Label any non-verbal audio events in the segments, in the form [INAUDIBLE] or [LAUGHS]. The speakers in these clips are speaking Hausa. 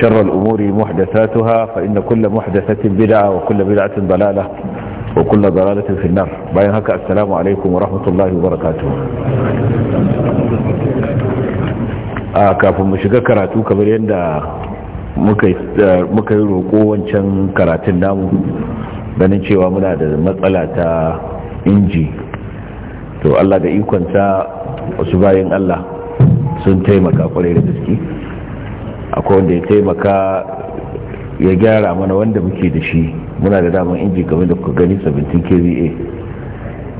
شر الأمور محدثاتها فإن كل محدثة بدعة وكل بدعة ضلالة وكل ضلالة في النار باين هكا السلام عليكم ورحمة الله وبركاته kafin mu shiga karatu kamar yadda muka yi roƙo wancan karatun namu ganin cewa muna da matsala ta inji to Allah da ikonta wasu bayan Allah sun taimaka kwarai da gaske akwai wanda ya taimaka ya gyara mana wanda muke da shi muna da daman inji kamar da kuka gani 17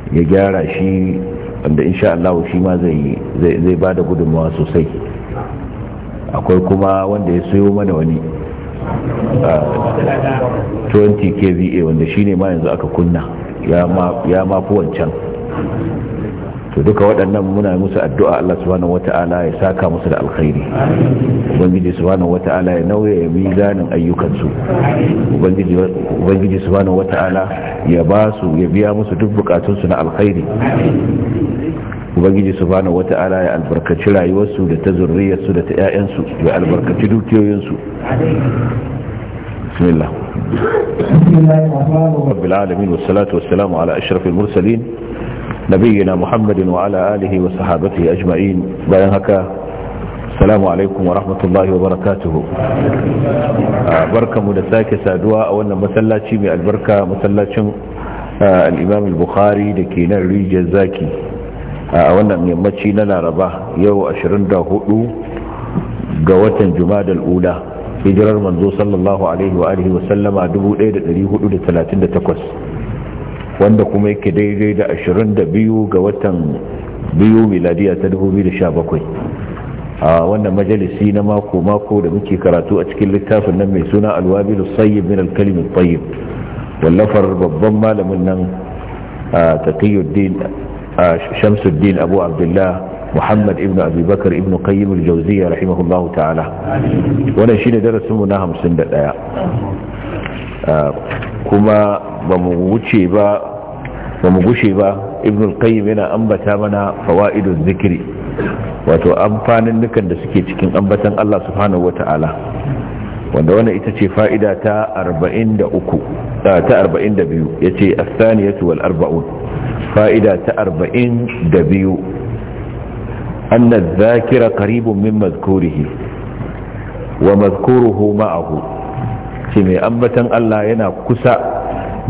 kva ya gyara shi wanda insha Allah shi ma zai ba da gudunmawa sosai akwai kuma wanda ya sayo mana wani 20 ah, kva wanda shine ne ma yanzu aka kunna ya ma fi wancan to duka waɗannan muna musu addu'a Allah subhanahu wata'ala ya saka musu da alkhairi ubangiji subhanahu wata'ala ya nauya ya mizanin ayyukansu ubangiji subhanahu wata'ala ya ba su ya biya musu duk bukatunsu na alkhairi ubangiji subhanahu wata'ala ya albarkaci rayuwarsu da ta zurriyarsu da ta 'ya'yansu ya albarkaci dukiyoyinsu بسم الله بسم الله الرحمن الرحيم رب العالمين والصلاة والسلام على أشرف المرسلين نبينا محمد وعلى آله وصحابته أجمعين بيان هكا السلام عليكم ورحمة الله وبركاته بركة مدساك سادوا أولا مسلاتي من البركة مسلاتي الإمام البخاري لكي نعري جزاكي أولا من يمتشي لنا رباه يو أشرنده ga watan jumadal ula hijirar manzo sallallahu alaihi wa alihi wa sallama 1438 wanda kuma yake daidai da 22 ga watan biyu miladiya ta 2017 a wannan majalisi na mako mako da muke karatu a cikin littafin nan mai suna alwabilu sayyib min alkalimin tayyib wallafar babban malamin nan taqiyuddin shamsuddin abu abdullah muhammad ibn abubakar ibnu qayyim al-jawziyya rahimahullahu ta'ala wannan shine darasin mu na 51 ah, kuma bamu wuce ba bamu gushe ba ibn qayyim yana ambata mana fawaiduz zikri wato amfanin nukan da suke cikin ambatan Allah subhanahu wata'ala wanda wannan ita ce fa'ida ta 43 ah, ta yace as-saniyatu wal arba'un fa'ida ta 42 أن الذاكر قريب من مذكوره ومذكوره معه mai ambatan Allah yana kusa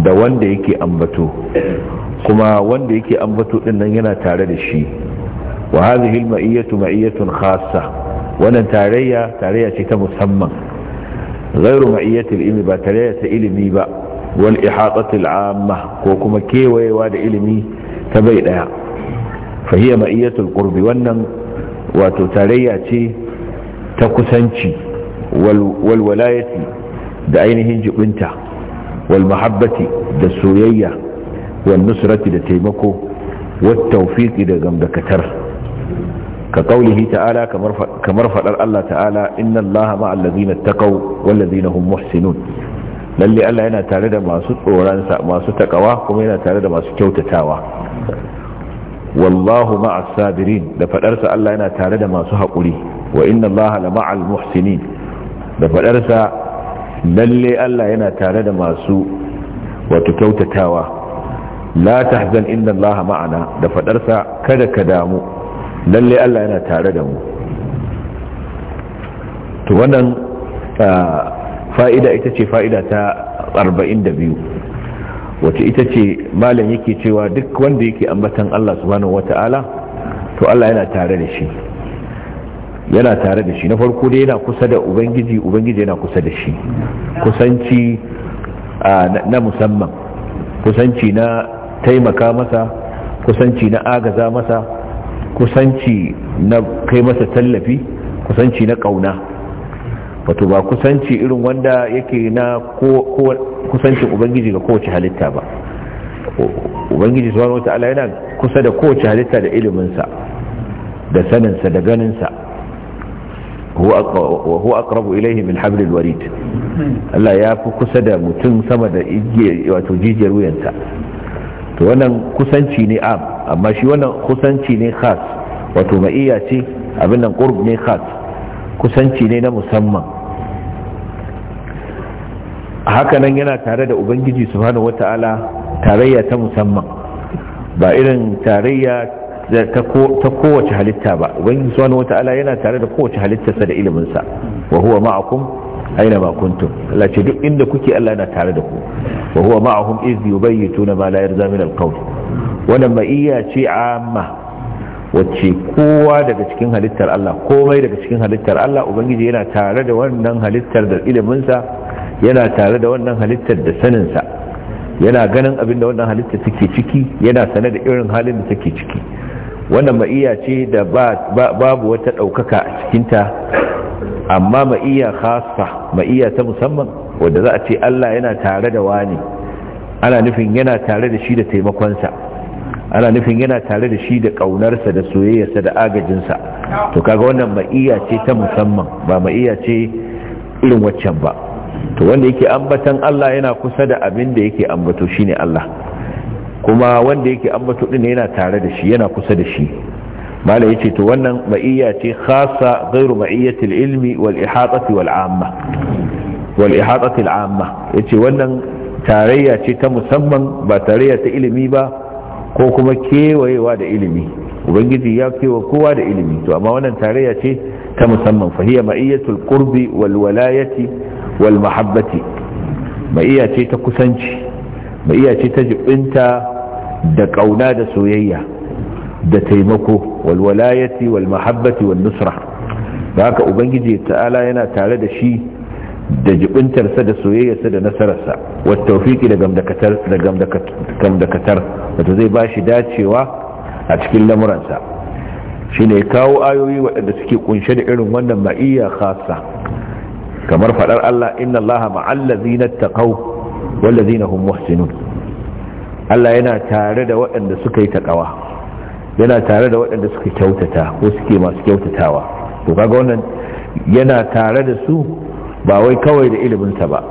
da wanda yake ambato kuma wanda yake ambato din nan yana tare da shi wa hadhihi al-ma'iyyatu ma'iyyatun khassa wannan tarayya tarayya ce ta musamman ghayru ma'iyyati al-ilmi ba tarayya ta ilimi ba wal ihatati al-amma ko kuma kewayewa da ilimi ta bai ɗaya. fahiya ma'iyatul qurbi wannan wato tarayya ce ta kusanci wal walayati da ainihin jibinta wal mahabbati da soyayya wal nusrati da taimako wat tawfiqi da gamdakatar ka kaulihi ta'ala kamar faɗar Allah ta'ala inna Allah ma'al ladina taqaw wal ladina hum muhsinun lalle Allah yana tare da masu tsoransa masu takawa kuma yana tare da masu kyautatawa wallahu ma'a sabirin da fadarsa Allah yana tare da masu haƙuri wa inna Allah la ma'al muhsinin da fadarsa lalle Allah yana tare da masu wato kyautatawa la tahzan inna Allah ma'ana da fadarsa kada ka damu lalle Allah yana tare da mu to wannan ah, fa'ida ita ce fa'ida ta 42 wace ita ce malam yake cewa duk wanda yake ambatan Allah subhanahu wata'ala to Allah yana tare da shi yana tare da shi na farko dai yana kusa da ubangiji ubangiji yana kusa da shi kusanci na musamman kusanci na taimaka masa kusanci na agaza masa kusanci na kai masa tallafi kusanci na kauna wato ba kusanci irin wanda yake na kusancin ubangiji ga kowace halitta ba ubangiji subhanahu wata'ala yana kusa da kowace halitta da iliminsa da saninsa da ganinsa wa huwa aqrabu min hablil warid Allah ya fi kusa da mutum sama da wato jijiyar wuyanta to wannan kusanci ne am amma shi wannan kusanci ne khas wato ma'iyya ce abin nan qurb ne khas kusanci ne na musamman hakanan yana tare da ubangiji subhanahu wata'ala tarayya ta musamman ba irin tarayya ta kowace halitta ba ubangiji subhanahu wata'ala yana tare da kowace halittarsa da iliminsa wa huwa ma'akum aina ma kuntum Allah ce duk inda kuke Allah yana tare da ku wa huwa ma'ahum iz yubayyituna ma la yarza min alqawl wannan iya ce amma wacce kowa daga cikin halittar Allah komai daga cikin halittar Allah ubangiji yana tare da wannan halittar da iliminsa yana tare da wannan halittar da saninsa yana ganin abin da wannan halittar take ciki yana sane da irin halin da take ciki wannan ma'iya ce da babu wata ɗaukaka a cikinta amma ma'iya khasa ma'iya ta musamman wadda za a ce Allah yana tare da wani ana nufin yana tare da shi da taimakonsa ana nufin yana tare da shi da ƙaunarsa da soyayyarsa da agajinsa to kaga wannan ma'iya ce ta musamman ba ma'iya ce irin waccan ba to wanda yake ambatan Allah yana kusa da abin da yake ambato shine Allah kuma wanda yake ambato din yana tare da shi yana kusa da shi mala yace to wannan ma'iyya ce khassa ghairu ma'iyyati al-ilmi wal ihatati wal amma wal ihatati al amma yace wannan tarayya ce ta musamman ba tarayya ta ilimi ba ko kuma kewayewa da ilimi ubangiji ya kewa kowa da ilimi to amma wannan tarayya ce ta musamman fahiya ma'iyyatul qurbi wal walayati walmahabbati mahabbati ce ta kusanci ma'iyya ce ta jibinta da ƙauna da soyayya da taimako Walwalayati, walmahabbati, walnusra, wal nusra da haka ubangiji ta'ala yana tare da shi da jibintarsa da soyayyarsa da nasararsa wata taufiki da gamdakatar wata zai ba shi dacewa a cikin lamuransa shi ne kawo ayoyi waɗanda suke kunshe da irin wannan ma'iyya khasa kamar faɗar Allah inna Allah ma'allazina taqaw wallazina hum muhsinun Allah yana tare da waɗanda suka yi taqawa yana tare da waɗanda suka kyautata ko suke masu kyautatawa to kaga wannan yana tare da su ba wai kawai da iliminsa ba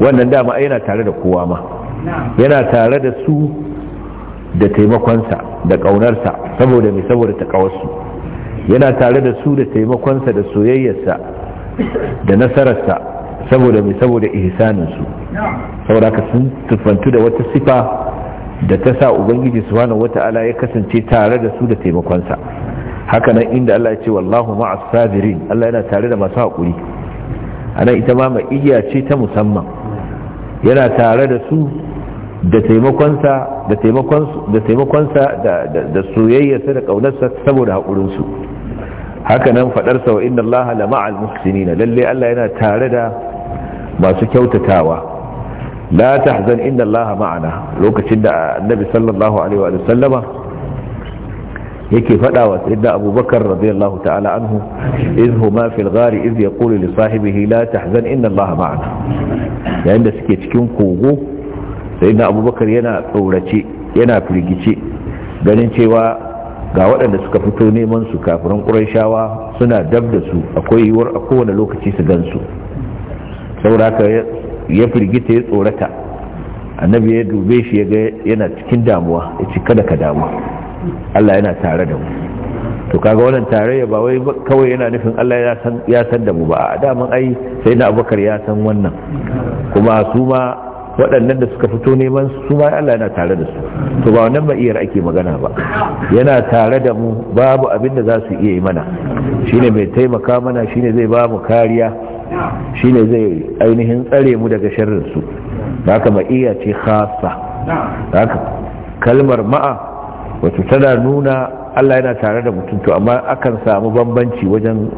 wannan dama yana tare da kowa ma yana tare da su da taimakonsa da ƙaunarsa saboda mai saboda taƙawarsu yana tare da su da taimakonsa da soyayyarsa da nasararsa saboda mai saboda ihsaninsu saboda ka sun tufantu da wata sifa da ta sa ubangiji wata wata'ala ya kasance tare da su da taimakonsa hakanan inda Allah ya ce wallahu ma'a sabirin Allah yana tare da masu haƙuri Anan ita ma ma'iya ce ta musamman yana tare da su da taimakonsa da taimakonsa da soyayyarsa da ƙaunarsa saboda haƙurinsu haka nan fadar sa wa inna Allah la ma'al muhsinin lalle Allah yana tare da masu kyautatawa la tahzan inda Allah ma'ana lokacin da annabi sallallahu alaihi wa sallama yake fada wa sayyidina abubakar radiyallahu ta'ala anhu idh huma fil ghari idh yaqulu li sahibihi la tahzan inda Allah ma'ana yayin da suke cikin kogo sayyidina abubakar yana tsorace yana firgice ganin cewa ga waɗanda suka fito neman su kafiran shawa suna dab da su akwai yiwuwar a kowane lokaci su gansu saboda haka ya firgita ya tsorata annabi ya dube shi ya ga yana cikin damuwa ya ci kada ka damu Allah yana tare da mu to kaga wannan tarayya ba wai kawai yana nufin Allah ya san da mu ba a daman ai sai na Abubakar ya san wannan kuma su ma waɗannan da suka fito neman su ma Allah yana tare da su to ba wannan ba iyar ake magana ba yana tare da mu babu abin da za su iya yi mana shine mai taimaka mana shine zai ba mu kariya shine zai ainihin tsare mu daga sharrin su haka ba iya ce khassa haka kalmar ma'a wato tana nuna Allah yana tare da mutum to amma akan samu bambanci wajen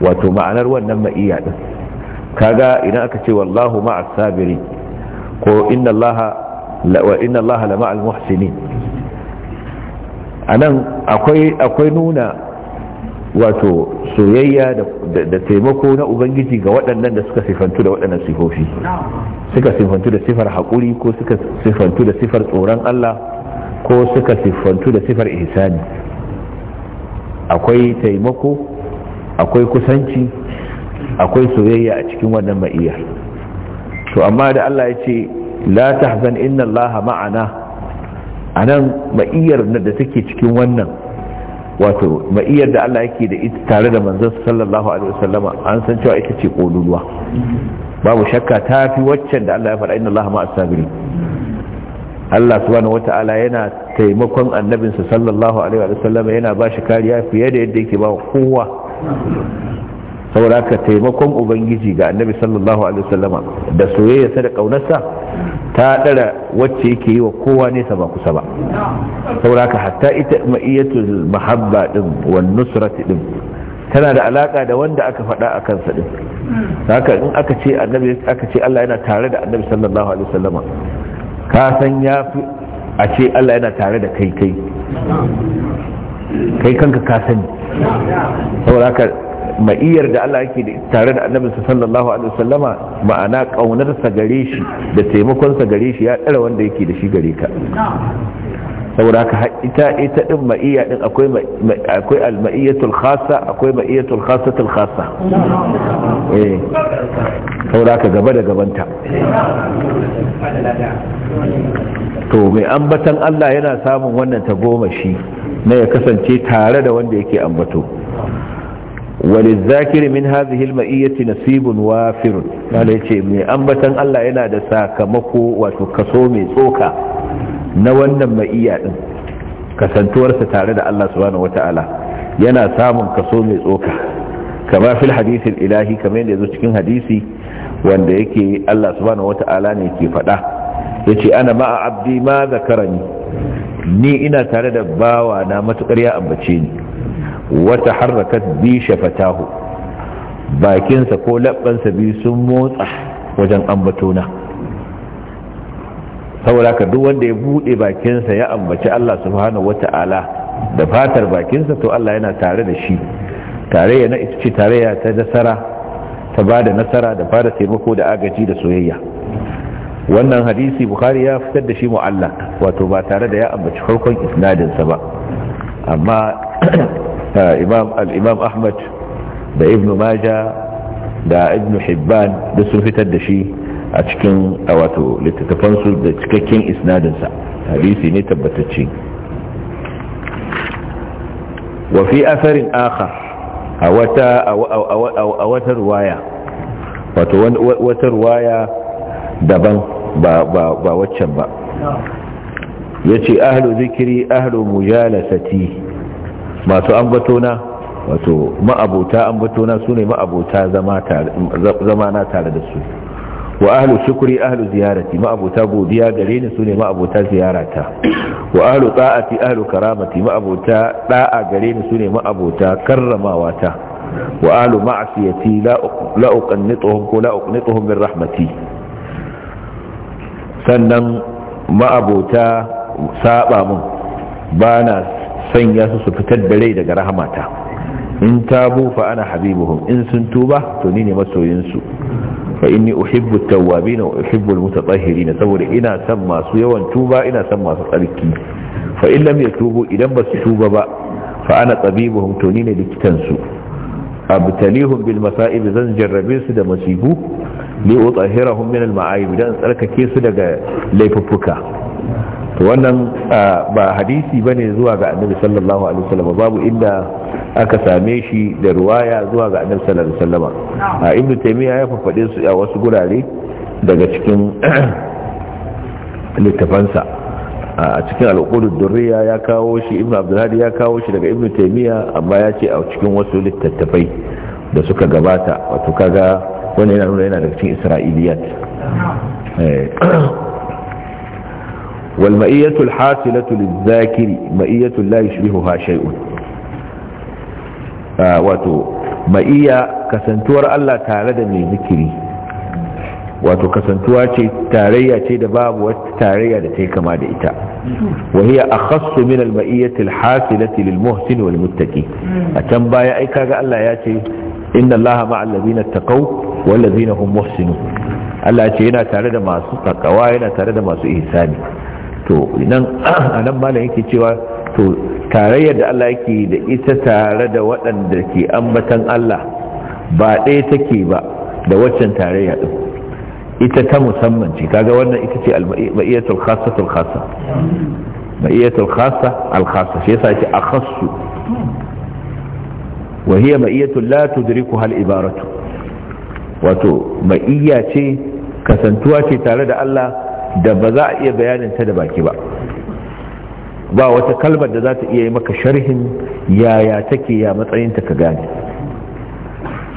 wato ma'anar wannan ma'iya din kaga idan aka ce wallahu ma'a sabirin ko inna allaha wa inna allaha la ma'al muhsinin anan akwai akwai nuna wato soyayya da taimako na ubangiji ga waɗannan da suka sifantu da waɗannan sifofi suka sifantu da sifar haƙuri ko suka sifantu da sifar tsoron Allah ko suka sifantu da sifar ihsani akwai taimako akwai kusanci akwai soyayya a cikin wannan ma'iyar to amma da Allah ya ce la tahzan inna Allah ma'ana anan ma'iyar da take cikin wannan wato ma'iyar da Allah yake da ita tare da manzon sallallahu alaihi wasallama an san cewa ita ce koluluwa babu shakka ta fi waccan da Allah ya faɗa inna Allah ma'as sabirin Allah subhanahu wata'ala yana taimakon annabinsa sallallahu alaihi wasallama yana ba shi kariya fiye da yadda yake ba kowa saboda ka taimakon ubangiji ga annabi sallallahu alaihi wasallama da soyayyarsa da kaunarsa ta dara wacce yake yi wa kowa nesa ba kusa ba saboda ka hatta ita ma'iyatul mahabba din wa nusrati din tana da alaka da wanda aka faɗa a kansa din haka in aka ce annabi aka ce Allah yana tare da annabi sallallahu alaihi wasallama ka san yafi a ce Allah yana tare da kai kai kai kanka ka sani saboda haka ma'iyar da Allah yake tare da annabi sallallahu alaihi wasallama ma'ana kaunar sa gare shi da taimakon sa gare shi ya tsara wanda yake da shi gare ka saboda ka ita ita din ma'iyya din akwai akwai al-ma'iyyatul khassa akwai ma'iyyatul khassatul khassa eh saboda ka gaba da gabanta to mai ambatan Allah yana samun wannan tagomashi na ya kasance tare da wanda yake ambato وللذاكر من هذه المئية نصيب وافر قال يتي من أنبتا الله ينا دا ساكمكو وتكسومي سوكا نوانا مئية كسنتور ستارد الله سبحانه وتعالى ينا سام كسومي سوكا كما في الحديث الإلهي كما يزوجكين حديثي wanda yake Allah subhanahu wata'ala ne ke faɗa yace ana ma'a abdi ma zakarani ni ina tare da bawa na matukar ya ambace ni wata harrakat bi shafatahu bakinsa ko labbansa biyu sun motsa wajen ambatona saboda ka duk wanda ya bude bakinsa ya ambaci Allah subhanahu wata'ala da fatar bakinsa to Allah yana tare da shi tarayya na ita ce tarayya ta nasara ta ba da nasara da ba da taimako da agaji da soyayya wannan hadisi bukhari ya fitar da shi mu'allaq wato ba tare da ya ambaci farkon isnadinsa ba amma imam ahmad da ibn maja da ibn hibban da sun fitar da shi a cikin wato littattafansu da cikakken isnadinsa hadisi ne tabbatacce wa fi asarin akhar a wata ruwaya wato wata ruwaya daban ba ba ba waccan ba yace ahlu zikri ahlu mujalasati masu ambatona wato ma'abota ambatona su ne ma'abota zama na tare da su wa ahlu shukri ahlu ziyarati ma'abota godiya gare ni su ne ma'abota ziyarata wa ahlu ta'ati ahlu karamati ma'abota da'a gare ni su ne karramawa ta wa ahlu ma'asiyati la uqannituhum ko la uqannituhum min rahmati sannan ma'abota saba mun ba na sanya su su fitar da rai daga rahamata in tabu fa ana habibuhum in sun tuba to ni ne masoyinsu fa inni uhibbu tawwabin wa uhibbu almutatahhirin saboda ina san masu yawan tuba ina san masu tsarki fa in lam yatubu idan basu tuba ba fa ana tabibuhum to ni ne likitan su abtalihum bil masa'ib zan jarrabe su da masibu li utahhirahum min al ma'ayib dan tsarkake su daga laifuffuka to wannan ba hadisi bane zuwa ga annabi sallallahu alaihi wasallam babu inda aka same shi da ruwaya zuwa ga annabi sallallahu alaihi wasallam ibnu taymiya ya fafade su a wasu gurare daga cikin [CLEARS THROAT] littafansa a cikin al'ukudu durriya ya kawo shi ibnu abdulhadi ya kawo shi daga ibnu taymiya amma ya ce a cikin wasu littattafai da suka gabata wato kaga wannan yana nuna yana daga cikin isra'iliyat [CLEARS THROAT] wal ma'iyatu al hasilatu lizakiri ma'iyatu la yushbihuha shay'un wato kasantuwar Allah tare da mai kasantuwa ce tarayya ce da babu wata tarayya da kama da ita وهي أخص من المئية الحاصلة للمحسن والمتقي أتم بايا أي كاغا الله ياتي إن الله مع الذين اتقوا والذين هم محسنون الله ياتي هنا تارد ما سقى قوائنا تارد ما سئه ثاني to idan a nan malam yake cewa to tarayyar da Allah yake da ita tare da waɗanda ke ambatan Allah ba ɗaya take ba da waccan tarayya ɗin ita ta musamman ce kaga wannan ita ce al-ma'iyatul khassa tul khassa ma'iyatul khassa al khassa shi yasa ce akhassu wa hiya ma'iyatul la tudrikuha hal ibaratu wato ma'iyya ce kasantuwa ce tare da Allah da ba za a iya bayanin ta da baki ba ba wata kalmar da za ta iya yi maka sharhin yaya take ya matsayinta ka gane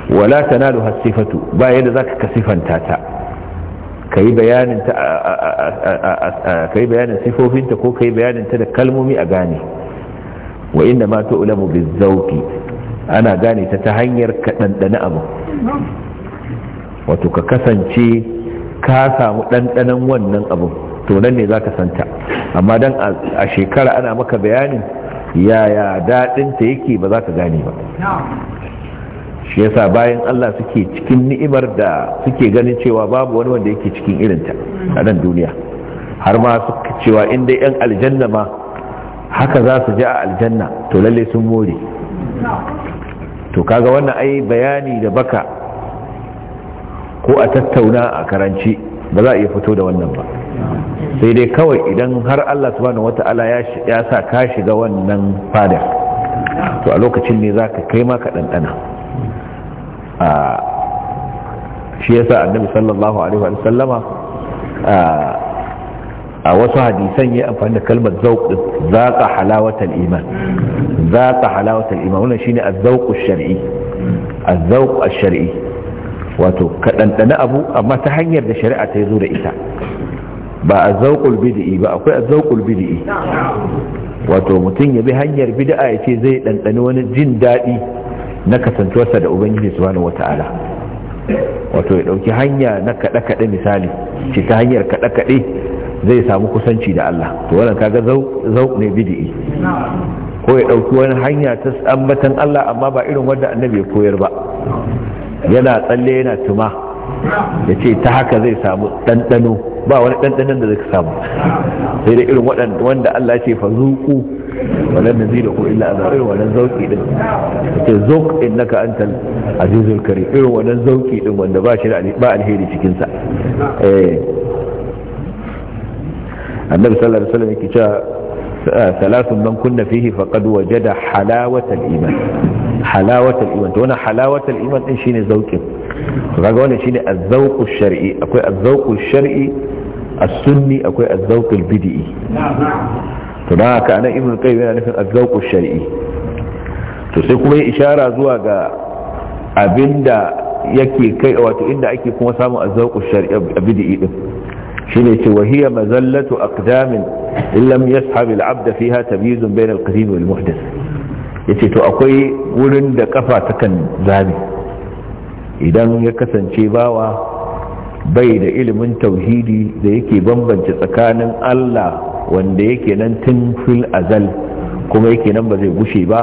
wala tanalu sifatu. ba yadda za ka sifanta ta ka yi bayanin sifofinta ko ka yi bayanin ta da kalmomi a gane wa inda ma ta ulamu zauki. ana gane ta ta hanyar ka ɗanɗana abu wato ka kasance ka samu ɗanɗanon wannan abun. to nan ne za ka santa amma dan a shekara ana maka bayanin yaya daɗinta yake ba za ka gane ba shi yasa bayan Allah suke cikin ni'imar da suke ganin cewa babu wani wanda yake cikin irinta a nan duniya har ma suka cewa in dai yan aljanna ma haka za su ji a aljanna to lalle sun more to kaga wannan ai bayani da baka ko a tattauna a karanci ba za a iya fito da wannan ba sai dai kawai idan har Allah subhanahu wata'ala ya sa ka shiga wannan fada to a lokacin ne za ka kai maka ɗanɗana a shi yasa annabi sallallahu alaihi wa sallama a wasu hadisan ya amfani da kalmar zauq zaqa halawatan iman zaqa halawatan iman wannan shine az-zauq ash-shar'i az-zauq ash-shar'i wato ka abu amma ta hanyar da shari'a ta zo da ita ba a zauƙul bidi'i ba akwai a zauƙul bidi'i wato mutum ya bi hanyar bid'a ya ce zai ɗanɗani wani jin daɗi na kasantuwarsa da ubangiji subhanahu wata'ala wato ya ɗauki hanya na kaɗe-kaɗe misali ce ta hanyar kaɗe-kaɗe zai samu kusanci da Allah to wannan kaga zauƙ ne bidi'i ko ya ɗauki wani hanya ta ambatan Allah amma ba irin wanda annabi ya koyar ba yana tsalle yana tuma ya ce ta haka zai samu ɗanɗano ba wani ɗanɗanon da zai samu sai da irin waɗanda wanda Allah ce fa zuku walan nazi da ku illa azab irin wannan zauki din ce zuk innaka antal azizul karim irin wannan zauki din wanda ba shi da ba alheri cikin sa eh annabi sallallahu alaihi wasallam yake cewa salatun man kunna fihi faqad wajada halawatal iman halawatar iman to wannan halawatar iman din shine zaukin kaga wannan shine az-zawqu shar'i akwai az-zawqu shar'i as-sunni akwai az-zawqu bid'i to da haka anan ibnu qayyim yana nufin az-zawqu shar'i to sai kuma ya ishara zuwa ga abinda yake kai wato inda ake kuma samu az-zawqu shar'i bid'i din shine ce wa hiya mazallatu aqdamin illam yashhab al-'abd fiha tamyiz bayna al-qadim wal-muhdath ya ce to akwai wurin da kafa takan zami idan ya kasance bawa bai da ilimin tauhidi da yake bambance tsakanin Allah wanda yake nan tun fil azal kuma yake nan ba zai gushe ba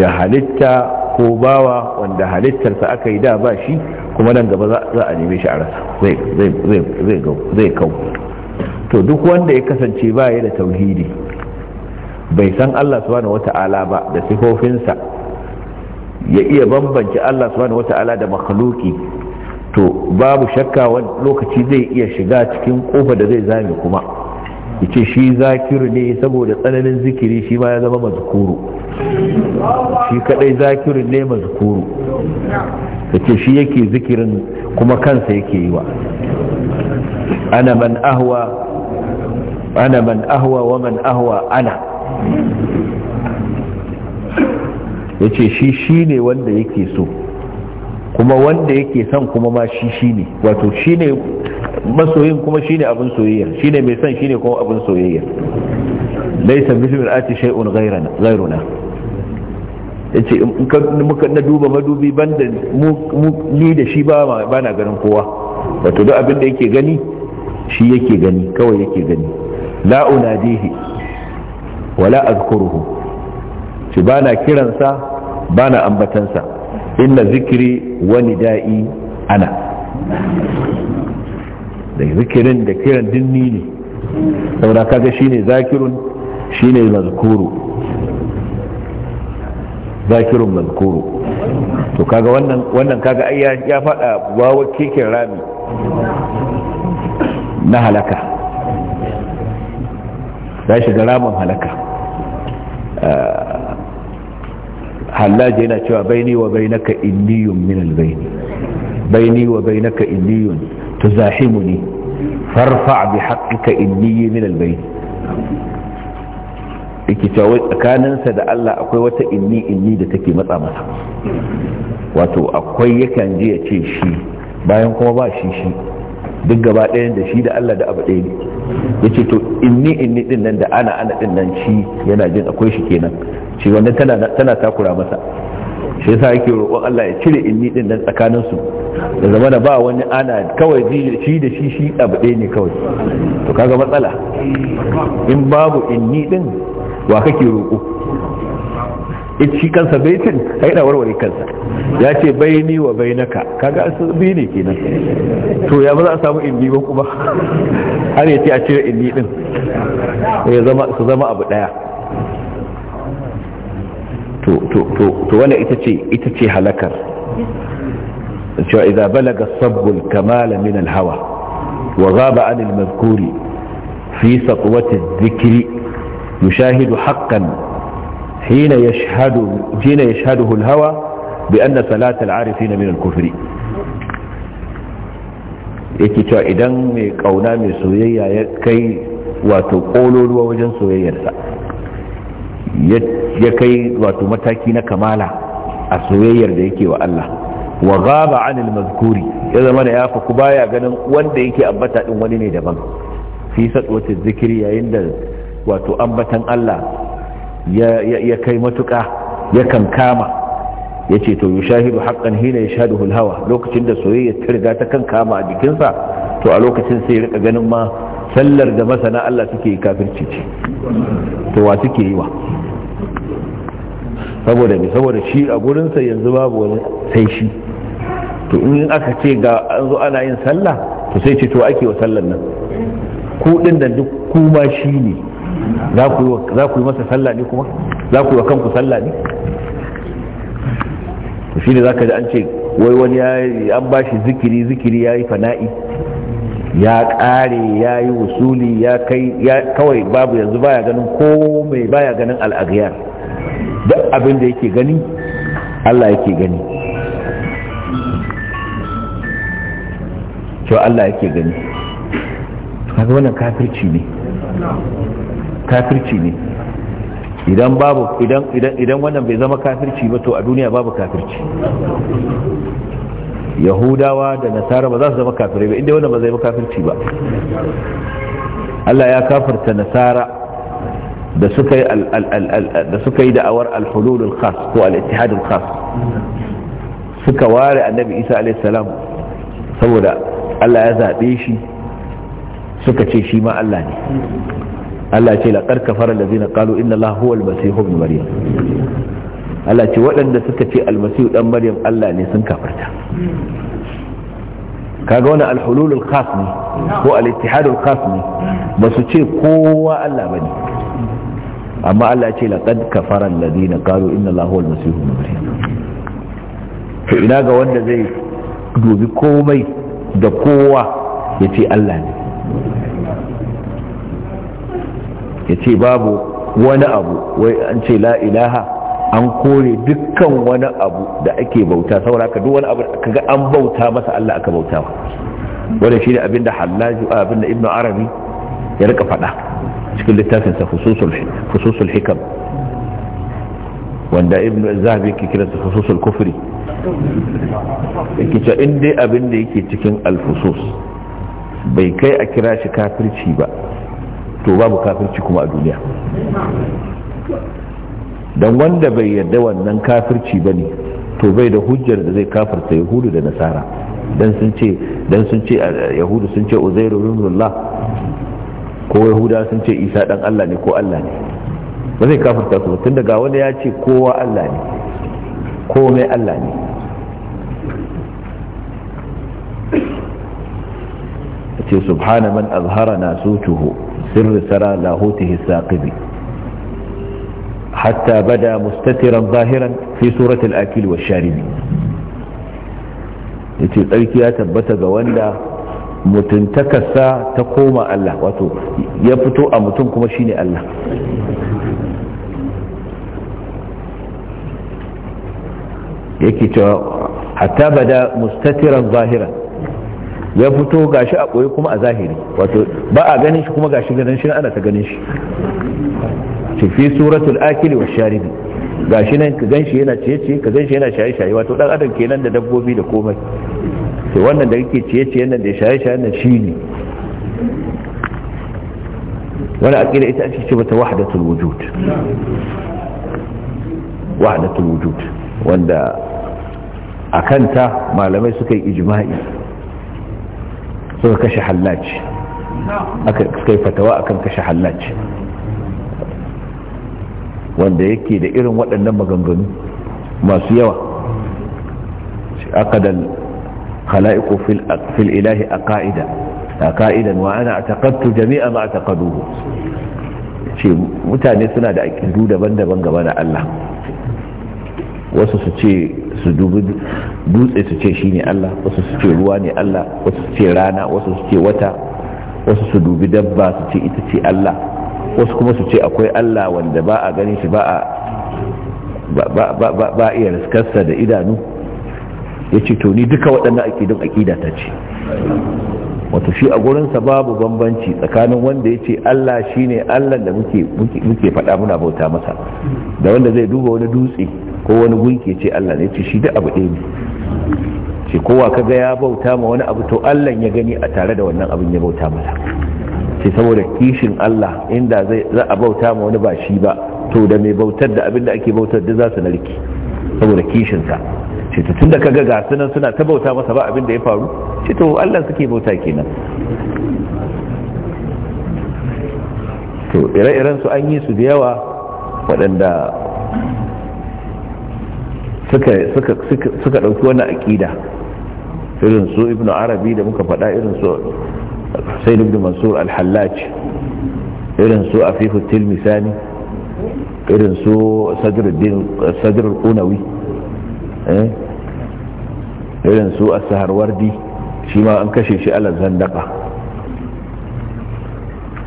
da halitta ko bawa wanda halittarsa aka yi da ba shi kuma nan gaba za a neme shi a rasa zai kau to duk wanda ya kasance ba ya da tauhidi bai san Allah subhanahu wata'ala ba da sifofinsa ya iya bambance Allah subhanahu wata'ala da makhluki to babu shakka wani lokaci zai iya shiga cikin kofa da zai zame kuma yace shi zakir ne saboda tsananin zikiri shi ma ya zama mazkuru shi kadai zakir ne mazkuru yace shi yake zikirin kuma kansa yake yi wa ana man ahwa ana man ahwa wa man ahwa ana ya ce shi shi ne wanda yake so kuma wanda yake son kuma ma shi shi ne wato shi ne masoyin kuma shi ne abin soyayya shi ne mai son shi ne kuma abin soyayya laisa bismil ati shay'un ghairuna ya ce muka na duba madubi banda ni da shi ba na ganin kowa wato duk abin da yake gani shi yake gani kawai yake gani la'una unadihi wala azkuruhu ci bana kiransa bana ambatansa inna zikiri wani da'i ana da zikirin da kiran dinni ne saboda kaga shine zakirun shine mazkuru zakirun mazkuru to kaga wannan wannan kaga ai ya fada wawa keken rami na halaka ya shiga ramin halaka hallaji yana cewa baini wa bainaka inniyun min albayni baini wa bainaka inniyun tuzahimuni farfa bi haqqika inniyyi min albayni yake cewa tsakaninsa da Allah akwai wata inni inni da take matsa masa wato akwai yakan ji ya ce shi bayan kuma ba shi shi duk gaba ɗayan da shi da Allah da abu ɗaya ne ya ce to inni inni ɗin nan da ana ana ɗin nan shi yana jin akwai shi kenan shi wanda tana takura masa shi yasa yake roƙon Allah ya cire inni ɗin nan tsakanin su da zama da ba wani ana kawai ji shi da shi shi abu ɗaya ne kawai to kaga matsala in babu inni ɗin wa kake roƙo shi kansa baitin ai da warware kansa ya ce baini wa bainaka kaga asibi ne kenan to ya ba za a samu inni ba kuma har ya ce a cire inni din ya zama su zama abu daya to to to to wanda ita ce ita ce halakar cewa idza balaga sabbul kamala min al hawa wa ghaba an al mazkuri fi saqwati al dhikri yushahidu haqqan hina ya al-hawa bi anna salat al-arifin min kufri yake cewa idan mai kauna mai soyayya ya kai wato kololuwa wajen soyayyarsa ya kai wato mataki na kamala a soyayyar da yake wa Allah wa gaba anil mazkuri ya zama da ya faku baya ganin wanda yake ambata din wani ne daban fi sadwata zikiri yayin da wato ambatan Allah ya kai matuƙa kan kama ya ce to yushahidu haƙan hina ya shahidu hulhawa lokacin da soyayya ta riga ta kan kama a jikinsa to a lokacin sai rika ganin ma sallar da masana Allah suke yi kafirci ce to wa suke yi wa saboda mai saboda shi a gurinsa yanzu babu wani sai shi to in aka ce ga an zo ana yin sallah to sai ce to ake wa sallar nan kuɗin da duk kuma shi ne za ku yi masa sallah ne kuma za ku yi wa kanku sallah ne shi ne za ka ji an ce wai wani an ba shi zikiri zikiri ya yi fana'i ya ƙare ya yi wusuli ya kai kawai babu yanzu baya ganin ko mai baya ganin al'aghiyar duk abin da yake gani Allah yake gani to Allah yake gani kaga wannan kafirci ne kafirci ne idan babu idan idan idan wannan bai zama kafirci ba to a duniya babu kafirci yahudawa da nasara ba za su zama kafirai ba inda wannan ba zai zama kafirci ba Allah ya kafirta nasara da suka yi da suka yi da'awar al-hulul khas ko al-ittihad khas suka ware annabi Isa alayhi salam saboda Allah ya zabe shi suka ce shi ma Allah ne Allah ce laqad kafara allazina qalu inna allaha huwa al-masih ibn maryam Allah ce waɗanda suka ce al-masih dan maryam Allah ne sun kafarta kaga wannan al-hulul al-khas ne ko al-ittihad al-khas ne ba su ce kowa Allah bane amma Allah ce laqad kafara allazina qalu inna allaha huwa al-masih ibn maryam to ina ga wanda zai dubi komai da kowa ya ce Allah ne ya ce babu wani abu wai an ce la ilaha an kore dukkan wani abu da ake bauta saboda ka duk wani abu ka ga an bauta masa Allah aka bauta wa? wanda shi ne abinda hallaju abinda ibn arabi ya rika fada cikin littafin sa fususul hikam wanda ibn zahabi ke kira fususul kufri yake cewa in dai abinda yake cikin alfusus bai kai a kira shi kafirci ba to babu kafirci kuma a duniya don wanda bai yarda wannan kafirci ba ne to bai da hujjar da zai kafirta yahudu da nasara dan sun ce don sun ce yahudu sun ce uzairu ibnullah ko yahuda sun ce isa dan Allah ne ko Allah ne ba zai kafirta su tun daga wanda ya ce kowa Allah ne ko mai Allah ne ce subhana man azhara tuho. سر سرى لاهوته الساقب حتى بدا مستترا ظاهرا في سورة الآكل والشارب yace tsarki ya tabbata ga wanda takasa ta koma Allah wato ya fito a mutum kuma shine Allah yake hatta bada mustatiran zahiran ya fito gashi a ɓoye kuma a zahiri wato ba a ganin shi kuma gashi ganin shi ana ta ganin shi shi fi suratul akili wa sharibi gashi nan ka ganshi yana ciye-ciye ka ganshi yana shaye-shaye wato dan adam kenan da dabbobi da komai to wannan da yake ciye-ciye nan da shaye-shaye nan shine ne wani akida ita ake ce mata wahdatul wujud wahdatul wujud wanda akanta malamai suka yi ijma'i suka kashe hallaj aka kai fatawa akan kashe hallaj wanda yake da irin waɗannan maganganu masu yawa aqada al-khala'iq fil a ilahi a aqaidan wa ana ataqadtu jami'a ma ataqaduhu ce mutane suna da aqidu daban-daban gaba da Allah wasu su ce su dubi dutse su ce shine Allah wasu su ce ruwa ne Allah wasu su ce rana wasu su ce wata wasu su dubi dabba su ce ita ce Allah wasu kuma su ce akwai Allah wanda ba a ganin shi ba a ba iya riskarsa da idanu ya ce to ni duka waɗannan don aƙida ta ce wato shi a gurinsa babu bambanci tsakanin wanda ya ce Allah shi ne Allah da muke faɗa muna bauta masa da wanda zai duba wani dutse ko wani gunki ce Allah ne ce shi da abu ɗaya ne ce kowa kaga ya bauta ma wani abu to Allah ya gani a tare da wannan abin ya bauta masa ce saboda kishin Allah inda zai za a bauta ma wani ba shi ba to da mai bautar da abin da ake bautar da za su narki saboda sa ce to tunda kaga ga sunan suna ta bauta masa ba abin da ya faru ce to Allah suke bauta kenan to ire-iren su an yi su da yawa waɗanda suka ɗauki wani aƙida irin su ibn arabi da muka faɗa irin su sai ibn mansur al-hallaj irin su afifu tilmisani irin su sadrul kunawi eh, irin su asaharwardi shi ma an kashe shi ala zandaka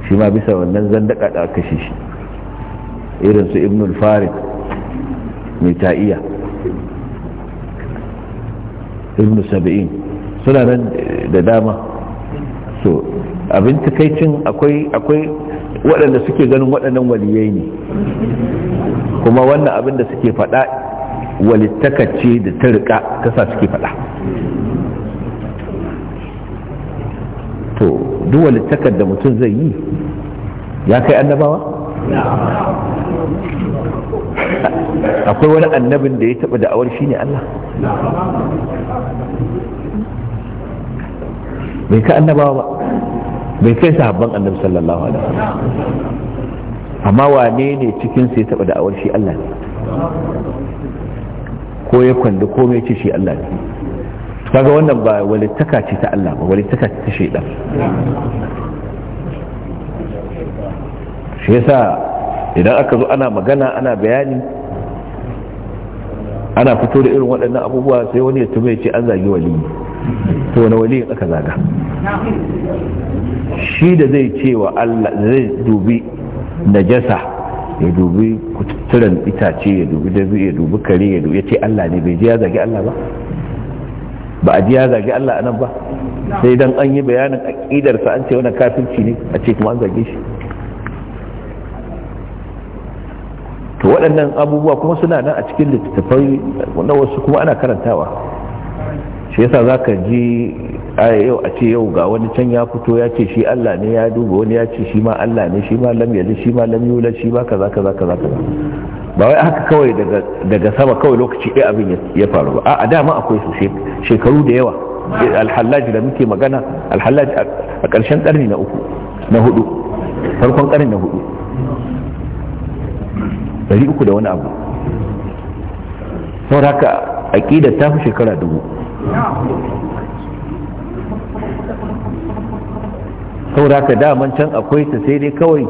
shi ma bisa wannan zandaka da aka kashe shi irin su ibn al-farid mai ta'iya ibn saba'in suna nan da dama so abin takaicin akwai akwai waɗanda suke ganin waɗannan waliyai ne kuma wannan abin da suke faɗa walittakace da ta riƙa kasa suke faɗa to duk walittakar da mutum zai yi ya kai annabawa akwai wani annabin da ya taɓa da'awar shi ne Allah bai ka annabawa ba bai kai sahabban annabi sallallahu alaihi wasallam amma wane ne cikin sai taɓa da'awar shi Allah ne ko ya kwanda ko mai ce shi Allah ne kaga wannan ba walittaka ce ta Allah ba walittaka ce ta shaidan shi yasa idan aka zo ana magana ana bayani ana fito da irin waɗannan abubuwa sai wani ya tume ce an zagi wali to na wali aka zaga shi da zai cewa Allah zai dubi najasa ya dubi kuturan itace ya dubi dabi ya dubi kare ya dubi ya ce Allah ne bai ji ya zagi Allah ba ba a ji ya zagi Allah anan ba sai dan an yi bayanin sa an ce wani kafirci ne a ce kuma an zage shi to waɗannan abubuwa kuma suna nan a cikin littattafai na wasu kuma ana karantawa shi yasa za ka ji yau a ce yau ga wani can ya fito ya ce shi Allah ne ya duba wani ya ce shi ma Allah ne shi ma lam yalid shi ma lam yulad shi ma kaza kaza kaza kaza ba wai haka kawai daga daga sama kawai lokaci ɗaya abin ya faru ba a dama akwai su shekaru da yawa alhallaji da muke magana alhallaji a ƙarshen ƙarni na uku na hudu farkon ƙarni na hudu ɗari uku da wani abu sau haka aƙida ta fi shekara dubu sau haka daman can akwai ta sai dai kawai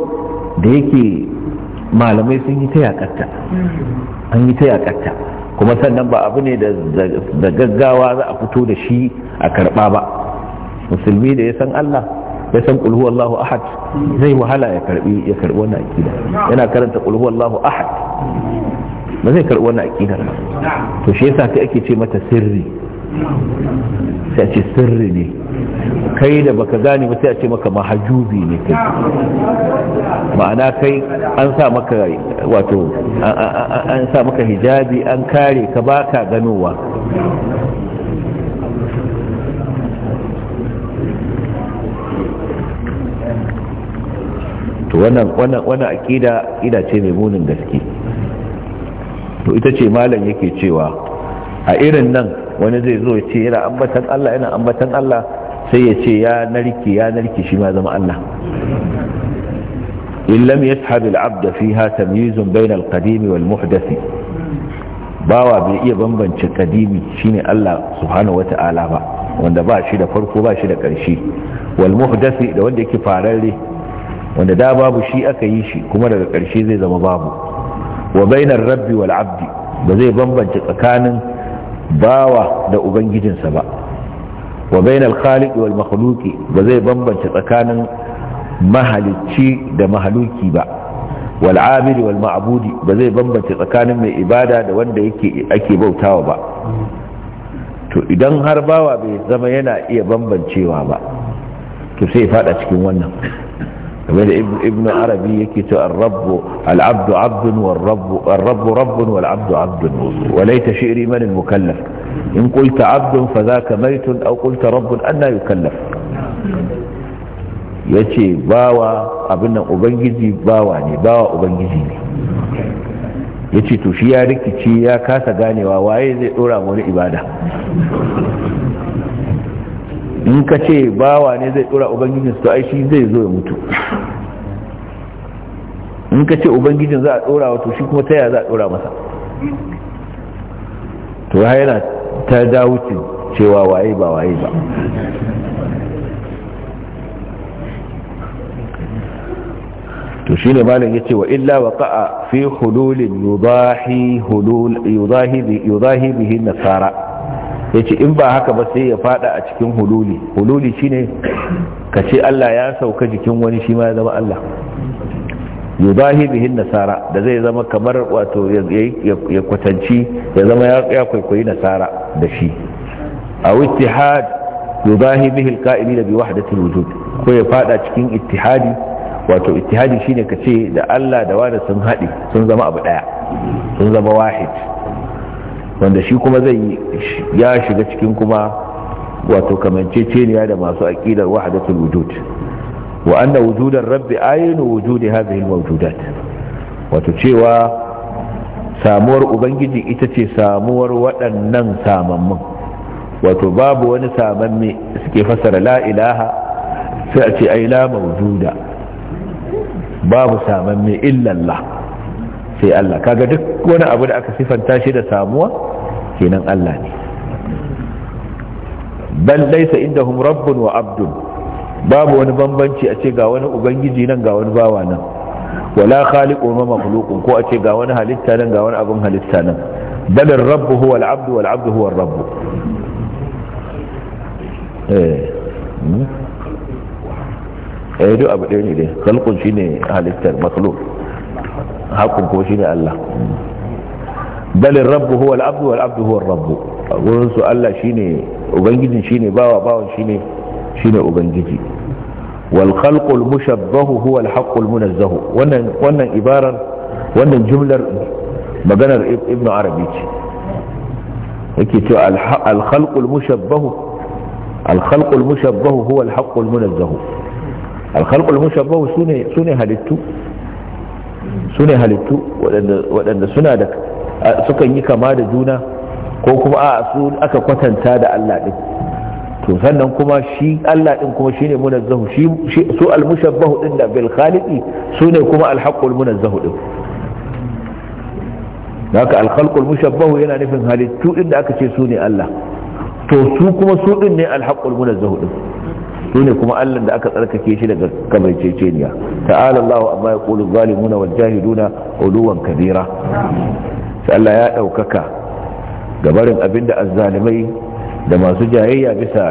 da yake malamai sun yi ta yaƙarta an yi ta yaƙarta kuma sannan ba abu ne da gaggawa za a fito da shi a karɓa ba musulmi da ya san allah ya san qul Allahu ahad zai wahala ya karbi ya karbi wannan akida yana karanta qul Allahu ahad ba zai karbi wannan akida to shi yasa kai ake ce mata sirri sai a ce sirri ne kai da baka gane ba sai a ce maka mahajubi ne kai ma'ana kai an sa maka wato an sa maka hijabi an kare ka baka ganowa to wannan akida ida ce mai munin gaske to ita ce malam yake cewa a irin nan wani zai zo ya ce yana ambatan Allah yana ambatan Allah sai ya ce ya narki ya narki shi ma zama Allah in lam yashhab al-abd fiha tamyiz bayna al-qadim wal-muhdath bawa bai iya bambance kadimi shine Allah subhanahu wata'ala ba wanda ba shi da farko ba shi da ƙarshe wal muhdasi da wanda yake fararre wanda da babu shi aka yi shi kuma daga ƙarshe zai zama babu wa bainar rabbi wal abdi ba zai bambance tsakanin bawa da ubangijinsa ba wa bainal khaliq wal makhluqi ba zai bambance tsakanin mahalicci da mahaluki ba wal abid wal ma'budi ba zai bambance tsakanin mai ibada da wanda yake ake bautawa ba to idan har bawa bai zama yana iya bambancewa ba to sai fada cikin wannan kamar da ibn arabi yake to ar-rabbu al-abdu abdun wal rabbu ar-rabbu rabbun wal abdu abdun wa laita shi'ri man al-mukallaf in qulta abdun fa zaka maytun aw qulta rabbun anna yukallaf yace bawa abin nan ubangiji bawa ne bawa ubangiji ne yace to shi ya rikici ya kasa ganewa waye zai dora mu ibada in ka ce bawa ne zai dora ubangijin to ai shi zai zo ya mutu in ka ce ubangijin za a dora to shi kuma ta yaya za a dora masa to ya yana ta dawucin cewa waye ba waye ba to shi ne malam ce wa illa waqa'a fi hululin yudahi bihin nasara ya ce in ba haka ba sai ya fada a cikin hululi hululi shine ka ce Allah ya sauka jikin wani shi ma ya zama Allah yubahi bihin nasara da zai zama kamar wato ya kwatanci ya zama ya kwaikwayi nasara da shi a ittihad yubahi bihil qa'imi da bi wahdatil wujud ko ya fada cikin ittihadi wato ittihadi shine ka ce da Allah da wani sun haɗi sun zama abu ɗaya sun zama wahid wanda shi kuma zai ya shiga cikin kuma wato kamanceceniya da masu aqidar wahdatul wujud wa anna wujudan rabbi ayinu wujudi hadhihi almawjudat wato cewa samuwar ubangiji ita ce samuwar waɗannan samammun wato babu wani samamme suke fasara la ilaha sai a ce ai la mawjuda babu samamme illallah sai Allah kaga duk wani abu da aka sifanta shi da samuwa kenan Allah ne bal laysa indahum rabbun wa abdun babu wani bambanci a ce ga wani ubangiji nan ga wani bawa nan wala khaliqu wa makhluqun ko a ce ga wani halitta nan ga wani abun halitta nan bal ar-rabb huwa al-abd wal 'abd huwa ar-rabb eh hmm? eh duk abu ɗaya ne dai khalqun shine halitta makhluq haƙun ko shi ne Allah balin rabbu huwa abdu, wal abdu huwa rabbu wurin su Allah shine ubangijin shine bawa bawan shine shine ubangiji wal khalqul mushabbahu huwa al haqqul munazzahu wannan wannan ibarar wannan jumlar maganar ibn arabi ce yake to al khalqul mushabbahu al khalqul mushabbahu huwa al haqqul munazzahu al khalqul mushabbahu sune sune halittu su ne halittu waɗanda suna da sukan yi kama da juna ko kuma a su aka kwatanta da Allah ɗin to sannan kuma shi Allah ɗin kuma shine munazzahu shi su almushabbahu ɗin da bil khaliqi su ne kuma alhaqqul munazzahu ɗin haka alkhalqul mushabbahu yana nufin halittu ɗin da aka ce su ne Allah to su kuma su ɗin ne alhaqqul munazzahu ɗin ne kuma Allah da aka tsarkake shi daga kamaiceceniya ta'ala Allahu amma yaqulu zalimuna wal jahiduna uluwan kabira sai Allah ya daukaka gabarin abinda azzalimai da masu jayayya bisa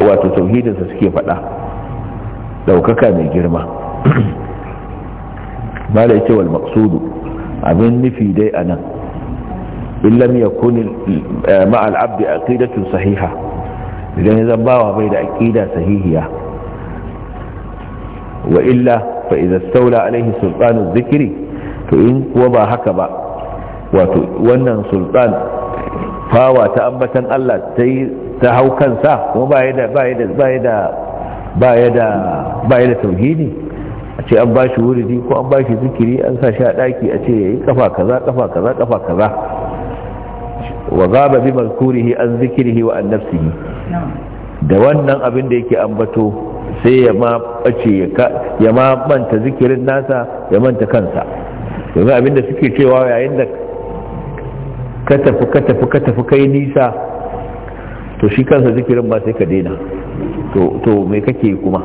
wato tauhidinsa suke faɗa daukaka mai girma [CLEARS THROAT] mala yace wal maqsudu abin nufi dai anan illam yakun eh, ma'al abdi aqidatu sahiha idan ya zan bawa bai da aƙida sahihiya wa illa fa idza stawla alaihi sultanu dhikri to in kuwa ba haka ba wato wannan sultan fawa ta ambatan Allah ta ta hau kansa kuma ba ya da ba ba ba ba tauhidi a ce an bashi wuridi ko an bashi zikiri an sa shi a daki a ce yayi kafa kaza kafa kaza kafa kaza wa zaba bi mazkurihi an zikrihi wa an nafsihi da wannan abin da yake ambato sai ya ma bace ya ma manta zikirin nasa ya manta kansa domin abin da suke cewa yayin da ka tafi ka tafi ka tafi kai nisa to shi kansa zikirin ba sai ka daina to me kake kuma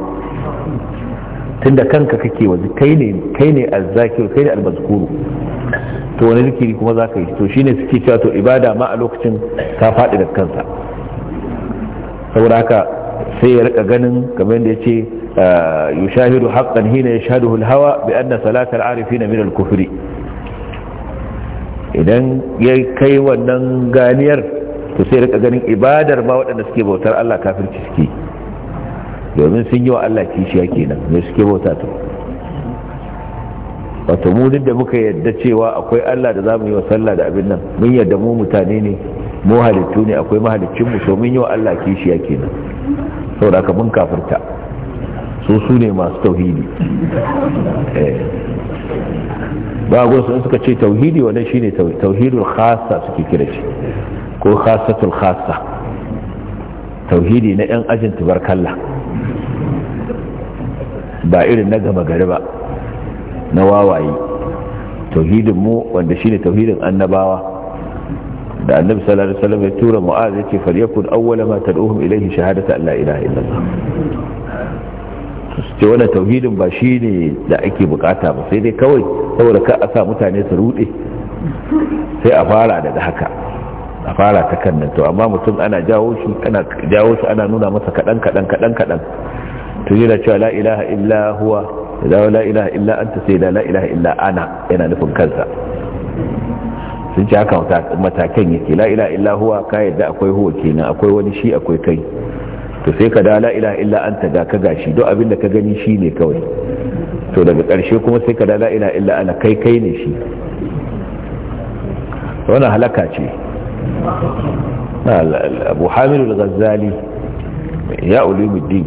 tunda kanka kake wa kai ne kai ne azzakir kai ne almazkuru to wani zikiri kuma zaka yi to shine suke cewa to ibada ma a lokacin ka faɗi da kansa saboda haka sai ya rika ganin kamar da yace ah, yushahidu haqqan hina sha al-hawa bi anna salatal arifin min al-kufri idan ya kai wannan ganiyar to sai rika ganin ibadar ba waɗanda suke bautar Allah kafin suke domin sun yi wa Allah kishiya kenan me suke bauta to wato mu da muka yadda cewa akwai Allah da zamu yi wa sallah da abin nan mun yadda mu mutane ne mu halittu ne akwai mahalicin mu to mun yi wa Allah kishiya kenan saboda ka mun kafirta su su ne masu tauhidi eh. ba gunsu suka ce tauhidi shi shine tauhidul khassa suke kira shi ko khassatul khassa tauhidi na yan ajin tubarkalla ba irin na gama gari ba na wawaye tauhidin mu wanda shine tauhidin annabawa da annabi sallallahu alaihi wasallam ya tura mu'az yace falyakun awwala ma tad'uhum ilayhi shahadatu an la ilaha illallah ce wannan tauhidin ba shine da ake bukata ba sai dai kawai saboda ka a sa mutane su rude sai a fara daga haka a fara ta kan nan to amma mutum ana jawo shi ana jawo shi ana nuna masa kadan kadan kadan kadan to yana cewa la ilaha illa huwa la ilaha illa anta sai da la ilaha illa ana yana nufin kansa sun ci haka matakan yake la ila illa huwa ka yadda akwai huwa kenan akwai wani shi akwai kai to sai ka da la ila illa anta ga ka gashi duk abin da ka gani shi ne kawai to daga ƙarshe kuma sai ka da la ila illa ana kai kai ne shi wannan halaka ce abu da ghazali ya ulumuddin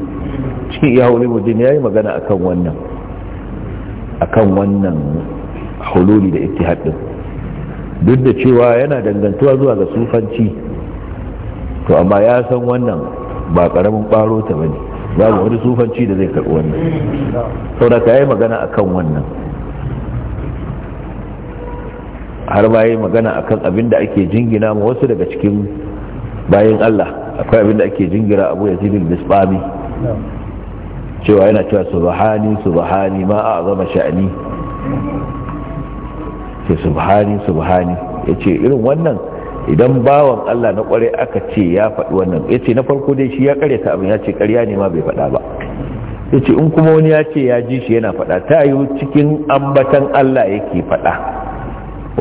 shi ya ulumuddin yayi magana akan wannan akan wannan hululi da ittihad din duk da cewa yana dangantuwa zuwa ga sufanci to amma ya san wannan ba karamin baro ta bane babu wani sufanci da zai karɓi wannan saboda ka yi magana akan wannan har ma yi magana akan abin da ake jingina ma wasu daga cikin bayan Allah akwai abin da ake jingira abu ya zibin bisbami cewa yana cewa subhani subhani ma a zama sha'ani ce subhani subhani ya ce irin wannan idan bawan Allah na kware aka ce ya faɗi wannan ya ce na farko dai shi ya karyata abin ya ce karya ne ma bai faɗa ba ya ce in kuma wani ya ce ya ji shi yana faɗa ta yi cikin ambatan Allah yake faɗa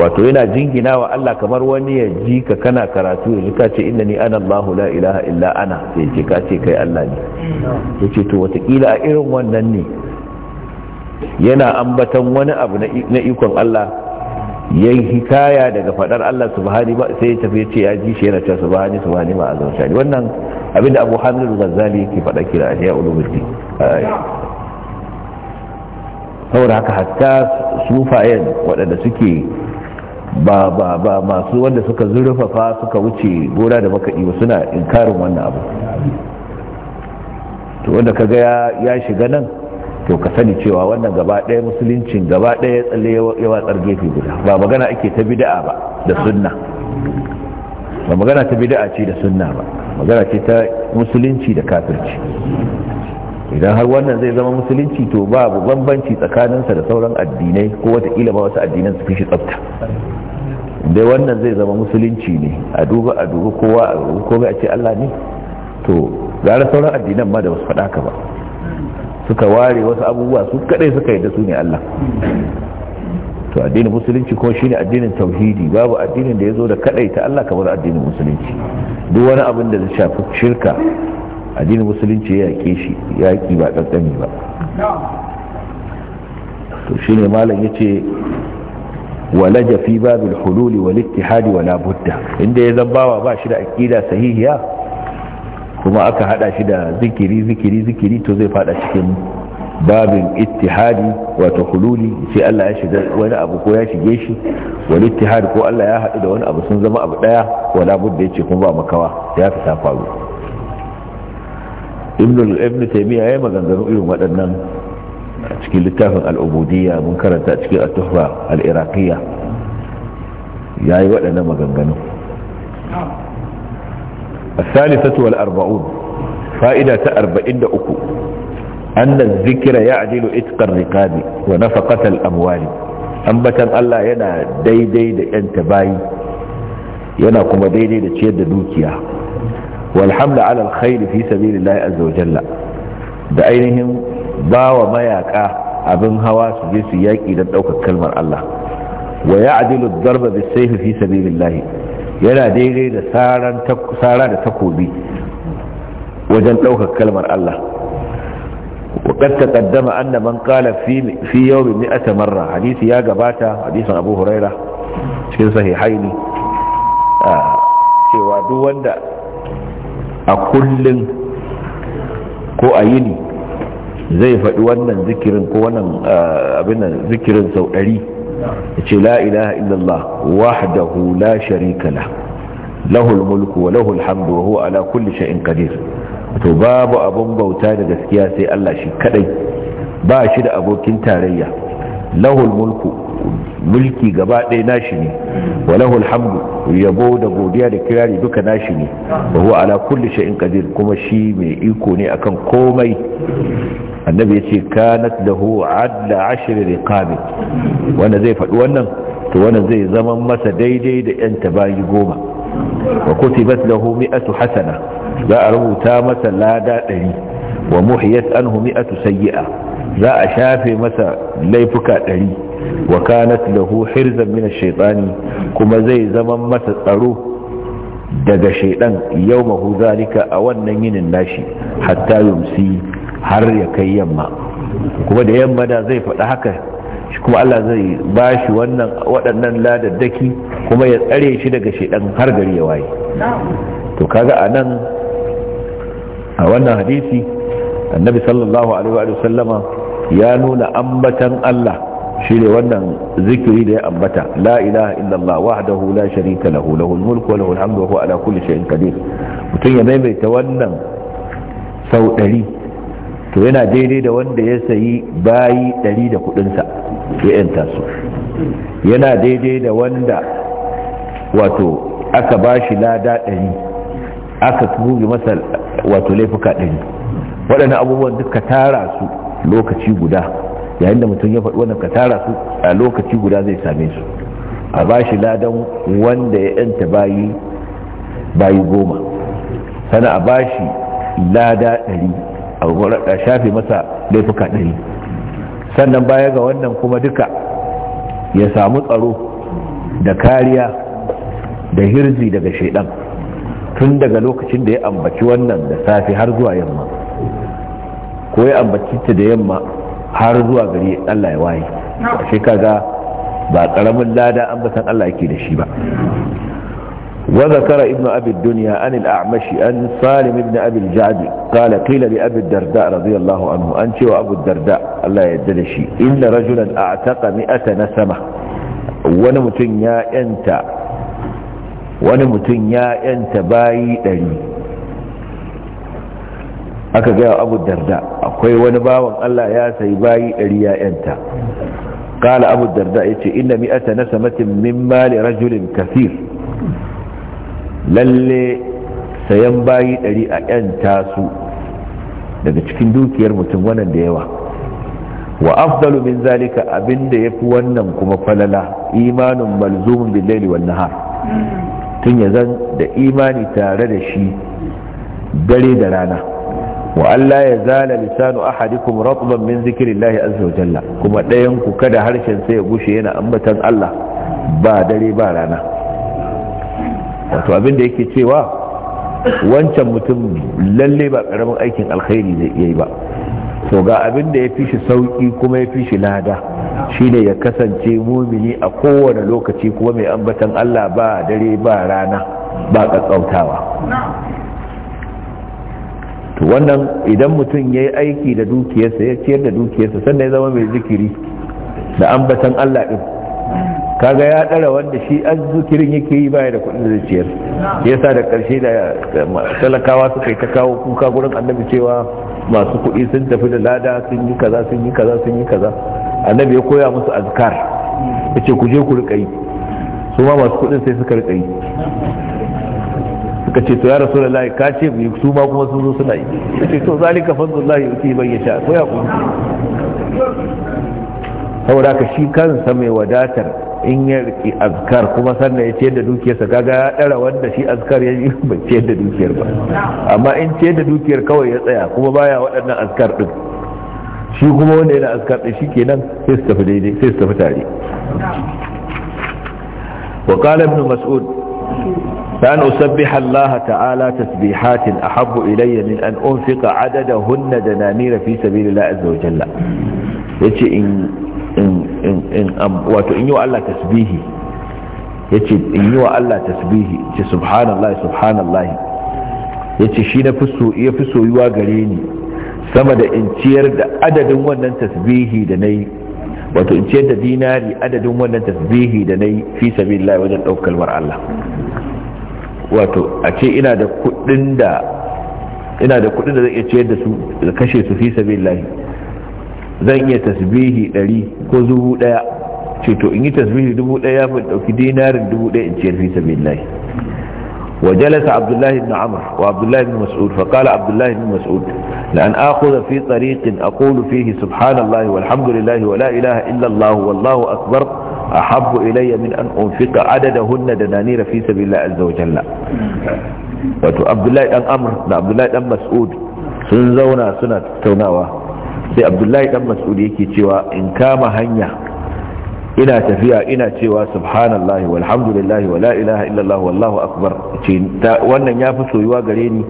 wato yana jingina wa Allah kamar wani ya ji ka kana karatu ya ka ce inna ni ana Allahu la ilaha illa ana sai ce ka ce kai Allah ne ya ce to watakila a irin wannan ne yana ambatan wani abu na ikon Allah yayin hikaya daga fadar Allah subhanahu ba sai ya ce ya ji shi yana cewa subhanahu subhanahu shani wannan abinda Abu Hamid ghazali yake fada kira a ya ulumuddin saboda haka hatta sufayen waɗanda suke ba ba ba masu wanda suka zurfafa suka wuce gora da makaɗi ba suna inkarin wannan abu to wanda kaga ya shiga nan to ka sani cewa wannan gaba ɗaya musuluncin gaba ɗaya tsalle ya watsar gefe guda ba magana ake ta bida'a ba da sunna ba magana ta bida'a ce da sunna ba magana ce ta musulunci da kafirci idan har wannan zai zama musulunci to babu bambanci tsakaninsa da sauran addinai ko wataƙila ba wasu addinan su fi shi tsafta dai wannan zai zama musulunci ne a duba a duba kowa a duba kowa a ce Allah ne to gara sauran addinan ma da wasu faɗa ka ba suka ware wasu abubuwa su kadai suka yi da su ne Allah to addinin musulunci ko shine addinin tauhidi babu addinin da ya zo da kadai ta Allah kamar addinin musulunci duk wani abin da zai shafi shirka addinin musulunci ya yake shi yaki ba kankani ba to shine malam yace walaja fi babil hululi wal ittihad wala budda inda ya zambawa ba shi da aqida sahihiya kuma aka hada shi da zikiri zikiri zikiri to zai fada cikin babin ittihadi wato hululi sai Allah ya shiga wani abu ko ya shige shi wani ittihad ko Allah ya haɗu da wani abu sun zama abu ɗaya wala budda yace kuma ba makawa ya fi ta faru ibn ibn taymiya yayi maganganu irin waɗannan a cikin littafin al-ubudiyya mun karanta a cikin at-tuhfa al-iraqiyya yayi waɗannan maganganu الثالثة والأربعون فائدة أربعين أكو أن الذكر يعدل إتق الرقاب ونفقة الأموال أنبتا ألا ينا دي دي دي أنت باي ينا كما دي دي دي تشيد دوكيا والحمل على الخير في سبيل الله عز وجل da ainihin ba wa mayaka abin hawa su je su yaƙi don ɗaukar kalmar Allah wa ya adilu darba bisaihu fi sabilillahi Yana daidai da tsara da takobi wajen ɗaukar kalmar Allah, wuƙata kaddama annaban ƙalafi ya yiwa ni a samarra hadisi ya gabata Hadisu Abu-huraira cikinsa ya haili. Ah, duk wanda a kullum ko a yini zai faɗi wannan zikirin ko wannan ah, abin nan zikirin sau ɗari? yace la ilaha illallah wahdahu la sharika la lahul mulku wa lahul hamdu wa huwa ala kulli shay'in qadir to babu abun bauta da gaskiya sai Allah shi kadai ba shi da abokin tarayya lahul mulku mulki gaba ɗaya nashi ne walahu alhamdu yabo da godiya da kirari duka nashi ne wa huwa ala kulli sha'in qadir kuma shi mai iko ne akan komai annabi yace kanat lahu adla ashr riqab wanda zai faɗi wannan to wannan zai zama masa daidai da yan tabayi goma wa kutibat lahu mi'atu hasana za a rubuta masa lada ɗari wa muhiyat anhu mi'atu sayyi'a za a shafe masa laifuka ɗari. wa kanat lahu hirzan min ash-shaytani kuma zai zama masa tsaro daga shaydan yawmahu zalika a wannan yinin nashi hatta yumsi har ya kai yamma kuma da yamma da zai faɗa haka kuma Allah zai ba shi wannan waɗannan ladaddaki kuma ya tsare shi daga shaidan har gari ya waye to kaga a nan a wannan hadisi annabi sallallahu alaihi wa sallama ya nuna ambatan Allah shi ne wannan zikiri da ya ambata la ilaha illallah wahdahu la sharika lahu lahul mulku wa lahul hamdu wa huwa ala kulli shay'in qadir mutum ya maimaita wannan sau ɗari to yana daidai da wanda ya sayi bayi ɗari da kuɗinsa ya yanta su yana daidai da wanda wato aka bashi lada ɗari aka tuhugi masa wato laifuka ɗari waɗannan abubuwan duka tara su lokaci guda yayin da mutum ya faɗi wannan ka tara su a lokaci guda zai same su a bashi ladan wanda ya yanta bayi bayi goma sana a bashi lada ɗari a shafe masa laifuka ɗari sannan baya ga wannan kuma duka ya samu tsaro da kariya da hirzi daga shaidan tun daga lokacin da ya ambaci wannan da safe har zuwa yamma ko ya ambaci ta da yamma har zuwa gari Allah ya waye shi kaga ba ƙaramin lada an basan san Allah yake da shi ba wa zakara ibn abi dunya an al a'mashi an salim ibn abi al-jadi qala qila li abi darda anhu an cewa abu darda Allah ya yarda da shi inna rajulan a'taqa mi'ata nasama wani mutum ya wani mutum ya yanta bayi 100 aka gaya abu darda akwai wani bawan Allah ya sai bayi ɗari ya'yanta kala abu darda ya ce ina mi'ata na samatin min mali rajulin kafir lalle sayan bayi ɗari a ‘yanta su daga cikin dukiyar mutum wannan da yawa wa afdalu min zalika abin da ya fi wannan kuma falala imanin malzumin billahi wal nahar tun ya zan da imani tare da shi dare da rana wa Allah ya zala lisanu ahadikum ratban min zikrillahi azza wa jalla kuma ɗayan ku kada harshen sai ya gushe yana ambatan Allah ba dare ba rana wato abin da yake cewa wancan mutum lalle ba karamin aikin alkhairi zai iya yi ba to ga abin da ya fi shi sauki kuma ya fi shi lada shine ya kasance mumini a kowane lokaci kuma mai ambatan Allah ba dare ba rana ba kakkautawa to wannan idan mutum ya yi aiki da dukiyarsa ya ciyar da dukiyarsa sannan ya zama mai zikiri da ambatan Allah ɗin kaga ya ɗara wanda shi an zikirin yake yi baya da kuɗin da ciyar sa da ƙarshe da talakawa suka yi ta kawo kuka gurin annabi cewa masu kuɗi sun tafi da lada sun yi kaza sun yi kaza sun yi kaza annabi ya koya musu azkar ya ce ku je ku riƙa yi su ma masu kuɗin sai suka riƙa yi ka ce to ya rasulullahi ka ce mu su ma kuma sun zo suna yi ce to zalika fadlullahi yuti man yasha ko ya kuma saboda ka shi kansa mai wadatar in ya riki azkar kuma sannan ya ciyar da dukiyarsa kaga ya dara wanda shi azkar ya yi ba ciyar da dukiyar ba amma in ciyar da dukiyar kawai ya tsaya kuma baya waɗannan azkar din shi kuma wanda yana azkar din shi sai su tafi daidai sai su tafi tare wa qala ibn فأن أسبح الله تعالى تسبيحات أحب إلي من أن أنفق عددهن دنانير في سبيل الله عز وجل يتي إن إن إن إن أم وتو إن الله تسبيه يتي إن الله تسبيه يتي سبحان الله سبحان الله yace shi na fi soyuwa fi soyuwa gare sama da in ciyar da adadin wannan tasbihi da nayi wato in ciyar da dinari adadin wannan tasbihi da nayi fi sabilillah wajen daukar Allah wato a ce ina da kudin da ina da kudin da zan iya ciyar da su da kashe su fi sabilillahi zan iya tasbihi 100 ko 1000 ce to in yi tasbihi 1000 ya fi dauki dinarin 1000 in ciyar fi sabilillahi وجلس عبد الله بن عمر وعبد الله بن مسعود فقال عبد الله بن مسعود لأن آخذ في طريق أقول فيه سبحان الله والحمد لله ولا ilaha illa الله wallahu أكبر ahabbu ilayya min an unfiqa adadahunna da nanira fi sabilillah azza wa jalla wato abdullahi dan amr da abdullahi dan mas'ud sun zauna suna tattaunawa sai abdullahi dan mas'ud yake cewa in kama hanya ina tafiya ina cewa subhanallahi walhamdulillahi wala ilaha illallah wallahu akbar ce wannan ya fi soyuwa gare ni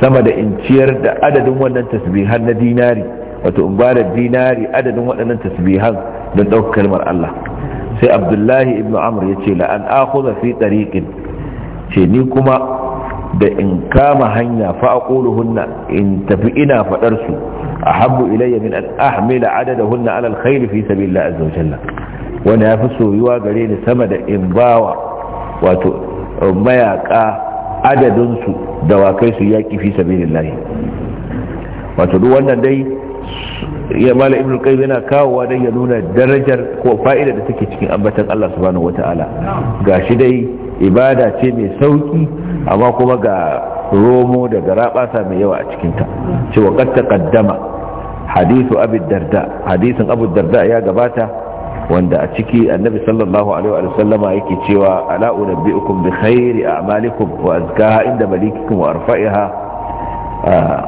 sama da in ciyar da adadin wannan tasbihan na dinari wato in ba da dinari adadin waɗannan tasbihan don ɗaukar kalmar Allah sai abdullahi ibn amr ya ce la'an akhudha fi tariqin ce ni kuma da in kama hanya fa aquluhunna in tafi ina fadar su ahabbu ilayya min an ahmila adadahunna ala alkhair fi sabilillah azza wa jalla wanda yafi soyuwa gare ni sama da in bawa wato mayaka adadin su dawakai su yaki fi sabilillah wato duk wannan dai ya mala ibn qayyim yana kawowa dan ya nuna darajar ko fa'ida da take cikin ambatan Allah subhanahu wataala gashi dai ibada ce mai sauki amma kuma ga romo da garabasa mai yawa a cikin ta cewa qad taqaddama hadithu abi darda hadisin abu darda ya gabata wanda a ciki annabi sallallahu alaihi wa sallama yake cewa ala unabbiukum bi khairi a'malikum wa azkaha inda malikikum wa arfa'iha ah,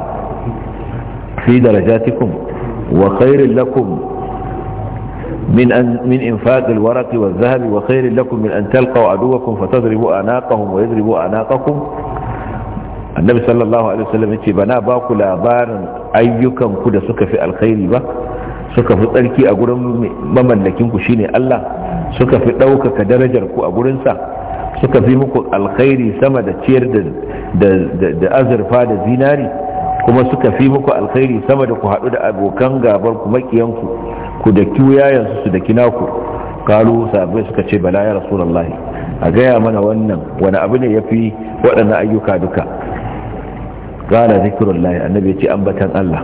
fi darajatikum وخير لكم من أن من إنفاق الورق والذهب وخير لكم من أن تلقوا عدوكم فتضربوا أناقهم ويضربوا أناقكم النبي صلى الله عليه وسلم يقول بنا باكو لابارن أيكم كده سكة في الخير با في suka fi tsarki a gurin mamallakinku shine Allah suka fi ɗaukaka darajarku a gurinsa suka fi muku alkhairi sama da ciyar da azurfa da زيناري kuma suka fi muku alkhairi sama da ku haɗu da abokan gabar ku makiyanku ku da kiwo su da kinaku kalu sabai suka ce bala ya rasulullahi a gaya mana wannan wani abu ne ya fi waɗannan ayyuka duka gana zikirullahi annabi ce ambatan allah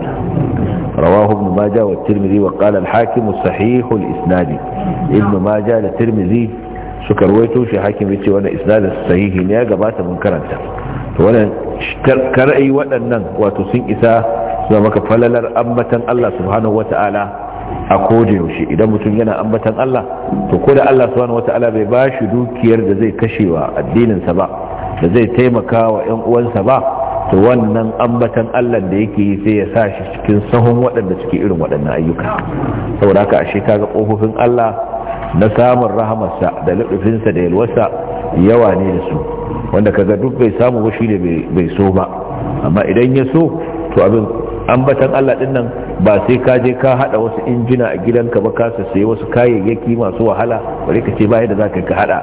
rawahu ibn maja wa tirmidhi wa qala al hakim sahih al isnad ibn maja da tirmidhi suka ruwaito shi hakim yace wannan isnad sahihi ne ya gabata mun karanta ka waɗannan wato sun isa su maka falalar ambatan Allah subhanahu wa ta'ala a koda yaushe idan mutum yana ambatan Allah to ko da Allah subhanahu wa ta'ala bai ba shi dukiyar da zai kashe kashewa addininsa ba da zai taimaka wa 'yan uwansa ba to wannan ambatan Allah da yake yi sai ya sa shi cikin sahun waɗanda suke irin waɗannan ayyuka saboda haka ashe kaga kofofin Allah na samun rahamarsa da lubufinsa da yalwarsa yawa ne da su wanda kaga duk bai samu ba shine bai so ba amma idan ya so to abin ambatan Allah din nan ba sai ka je ka hada wasu injina a gidanka ba ka sayi wasu kayayyaki masu wahala bare ka ce ba yadda zaka ka hada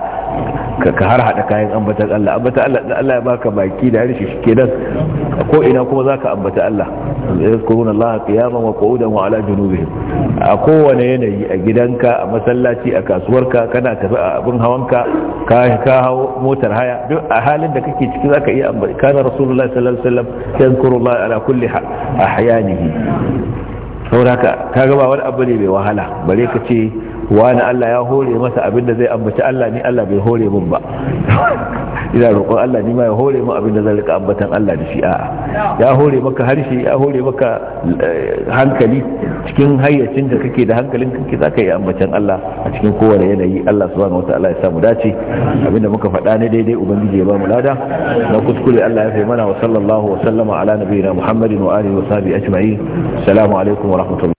ka har haɗa kayan ambatan Allah ambatan Allah da Allah ya baka baki da harshe shi kenan ko ina kuma zaka ambata Allah yazkuruna Allah qiyaman wa qu'udan wa ala junubihim a kowane yanayi a gidanka a masallaci a kasuwarka kana tafi a abin hawanka ka ka hawo motar haya duk a halin da kake ciki zaka iya ambata kana rasulullahi sallallahu alaihi wasallam yazkuru Allah ala kulli ahyanihi saboda haka kaga ba wani abu ne mai wahala bare ka ce wani Allah ya hore masa abin da zai ambaci Allah ni Allah bai hore mun ba [LAUGHS] ina roƙon Allah ni ma ya hore mun abin da zan rika ambatan Allah da shi a'a ya hore maka harshe ya hore maka eh, hankali cikin hayyacin da kake da hankalin kake zaka yi ambatan Allah a cikin kowane yanayi Allah subhanahu wataala ya samu dace abinda muka faɗa ne daidai ubangiji ya ba mu lada na kuskure Allah ya fi mana wa sallallahu wa sallama ala nabiyina Muhammadin wa alihi wa sahbihi ajma'in assalamu alaikum wa rahmatullahi